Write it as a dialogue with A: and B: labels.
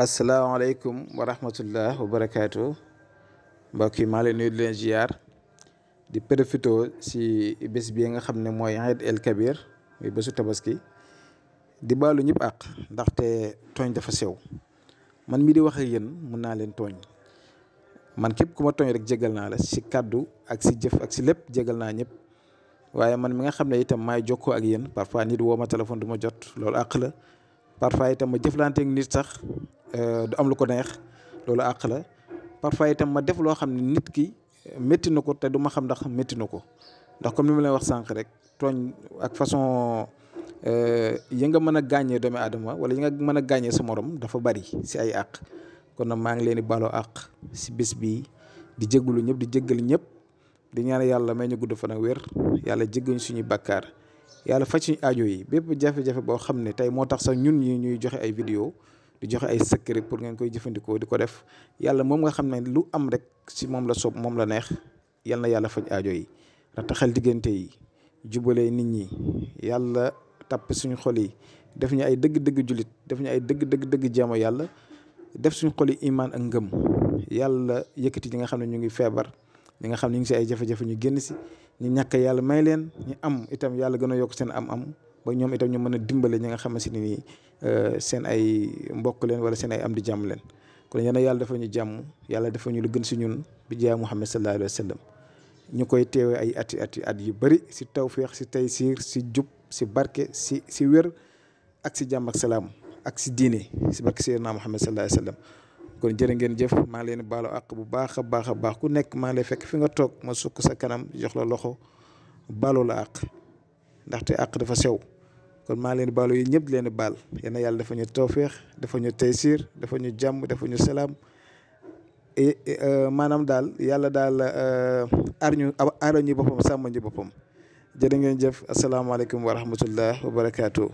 A: Assalamualaikum warahmatullahi wabarakatuh. wa barakaatu mbokk di leen ziar di si bés bi nga xam ne mooy el Kabir muy bésu tabaski di baalu ñëpp àq ndaxte tooñ dafa sew man mi di wax ak yéen mun naa leen tooñ man képp ku ma tooñ rek jégal naa la si kàddu ak si jëf ak si lépp jégal naa ñëpp waaye man mi nga xam ne itam maay jokkoo ak yéen parfois nit woo ma téléphone du ma jot loolu àq la parfois itam ma jëflante ak nit sax. Euh, du am lu ko neex loolu ak la parfois itam ma def loo xam ne nit ki euh, metti na ko te du ma xam ndax metti na ko ndax comme ni ma leen wax sànq rek tooñ ak façon euh, yi ya nga mën a gaañee doomi aadama wala yi ya nga mën a sa morom dafa bari si ay àq kon nag maa ngi leen di baaloo àq si bis bi di jégalu ñëpp di jéggal ñëpp di ñaan yàlla may ñu gudd fan ak wér yàlla jéggal suñu bakkaar yàlla faj suñu aajo yi bépp jafe-jafe boo xam ne tey moo tax sax ñun ñi ñuy joxe ay vidéo di joxe ay secret pour ngeen koy jëfandikoo di ko def yàlla moom nga xam ne lu am rek si moom la soob moom la neex yal na yàlla faj aajo yi rataxal diggante yi jubalee nit ñi yàlla tàpp suñu xol yi def ñu ay dëgg-dëgg jullit def ñu ay dëgg-dëgg yàlla def suñu xol yi imaan ak ngëm yàlla yëkkati ñi nga xam ne ñu ngi feebar ñi nga xam ne ñu ngi si ay jafe-jafe ñu génn si ñu ñàkk yàlla may leen ñu am itam yàlla gën a yokk seen am-am ba ñoom itam ñu mën a dimbale ñi nga xamante ni euh, seen ay mbokk leen wala seen ay am di jàmm leen kon yàlla yàlla dafa ñu jàmm yàlla dafa ñu lu gën si ñun bi jaay muhammad sallallahu alayhi wa sallam ñu koy teewe ay ati ati at yu bari si tawfiq si taysir si jub si barke si si wér ak si jàmm ak salaam ak si diine si barke sayyidina muhammad sallallahu alayhi wa sallam kon jërë ngeen jëf maa leen baalo àq bu baax a baax a baax ku nekk maa lay fekk fi nga toog ma sukk sa kanam jox la loxo baalo la àq ndaxte àq dafa sew kon maa leen baalu yi ñëpp leen baal yéen yàlla dafa ñu toofeex dafa ñu taysiir dafa ñu jàmm dafa ñu salaam euh, maanaam daal yàlla daal euh, aar ñu aaral ñu boppam sàmm ñu boppam jërë ngeen jëf asalaamaaleykum wa rahmatullah wa barakaatu.